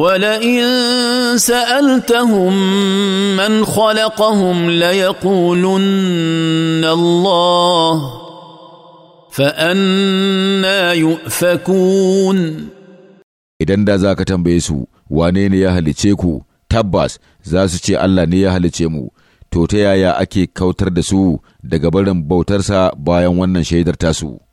ولئن سالتهم من خلقهم ليقولن الله فانا يؤفكون idan da za ka tambaye su wane ne ya halice ku tabbas za su ce Allah ne ya halice mu to ta yaya ake kautar da su daga barin bautarsa bayan wannan shaidar tasu